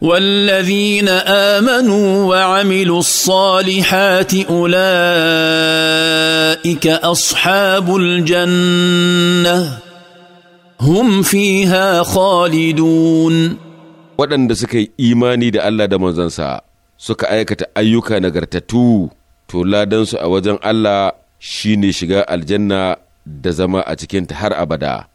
والذين امنوا وعملوا الصالحات اولئك اصحاب الجنه هم fiha خالدون waɗanda suka yi imani da Allah da manzansa suka aikata ayyuka nagartatu, to ladansu a wajen Allah shine shiga aljanna da zama a cikinta har abada